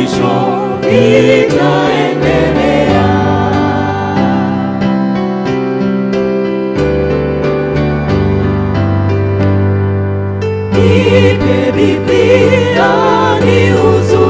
mwisho vitaendelea. Nipe Biblia niuzu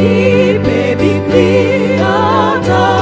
Biblia, Biblia,